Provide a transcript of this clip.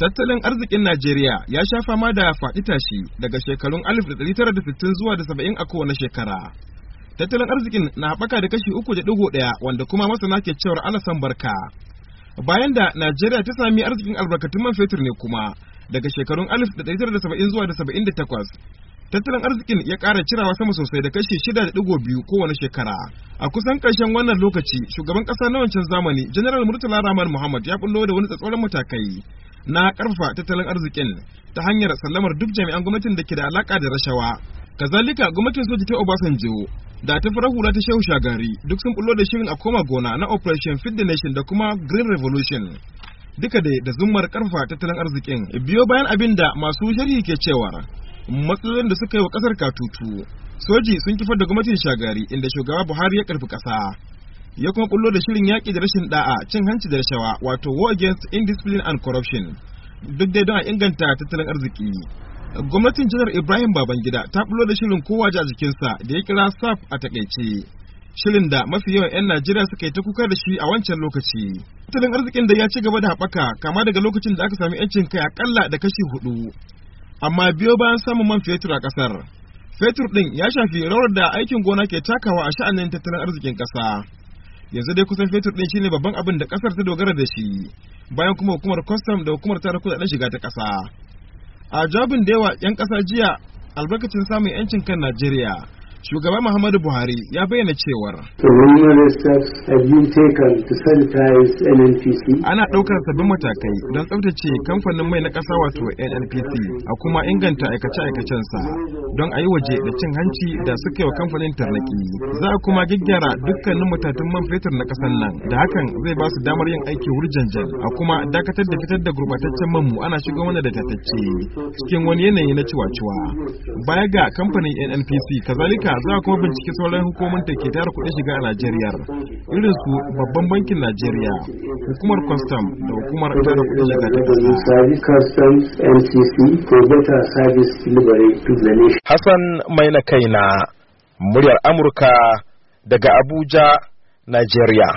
Tattalin arzikin Najeriya ya sha fama da faɗi tashi daga shekarun 1960 zuwa da 70 a kowane shekara. Tattalin arzikin na haɓaka da kashi 3.1 wanda kuma masana ke cewar alasan barka. Bayan da Najeriya ta sami arzikin albarkatun man fetur ne kuma daga shekarun 1970 zuwa da 78. Tattalin arzikin ya ƙara cirawa sama sosai da kashi 6.2 kowane shekara. A kusan ƙarshen wannan lokaci, shugaban ƙasa na wancan zamani, General Murtala Rahman Muhammad ya bullo da wani tsatsauran matakai na karfafa tattalin arzikin ta hanyar sallamar duk jami'an gwamnatin da ke da alaka da rashawa kazalika gwamnatin soji ta obasanjo da ta fara hula ta shehu shagari duk sun bullo da shirin a koma gona na operation feed the nation da kuma green revolution duka dai da zummar karfa tattalin arzikin biyo bayan abin da masu sharhi ke cewa matsalolin da suka yi wa kasar katutu soji sun kifar da gwamnatin shagari inda shugaba buhari ya karfi kasa ya kuma kullo da shirin yaƙi da rashin da'a cin hanci da rashawa wato war against indiscipline and corruption duk dai don a inganta tattalin arziki gwamnatin jihar ibrahim babangida ta kullo da shirin kowa a jikinsa da ya kira saf a takaice shirin da mafi yawan 'yan najeriya suka yi ta kuka da shi a wancan lokaci tattalin arzikin da ya ci gaba da haɓaka kama daga lokacin da aka sami 'yancin kai akalla da kashi hudu amma biyo bayan samun man fetur a ƙasar fetur ɗin ya shafi rawar da aikin gona ke takawa a sha'anin tattalin arzikin ƙasa yanzu dai kusan fetur ɗin shine babban abin da kasar ta dogara da shi bayan kuma hukumar kwastam da hukumar da kudaden shiga ta ƙasa a jabin da yawa 'yan ƙasa jiya albarkacin samun 'yancin kan najeriya Shugaba Muhammadu Buhari ya bayyana cewar ana ɗaukar sabbin matakai don tsaftace kamfanin mai na ƙasa wato NNPC a kuma inganta aikace-aikacensa don a yi waje da cin hanci da suka yi wa kamfanin tarnaki. Za a kuma gyaggyara dukkanin matatun man fetur na ƙasar nan da hakan zai ba su damar yin aiki wurjanjan a kuma dakatar da fitar da gurbataccen man mu ana shiga wani da tatacce cikin wani yanayi na ciwa-ciwa. Baya ga kamfanin NNPC kazalika za kuma bincike sauran hukumar da ke tara kuɗin shiga a Najeriya irin su babban bankin Najeriya hukumar custom da hukumar tara kuɗin shiga ta Hassan mai na kaina muryar Amurka daga Abuja, Najeriya.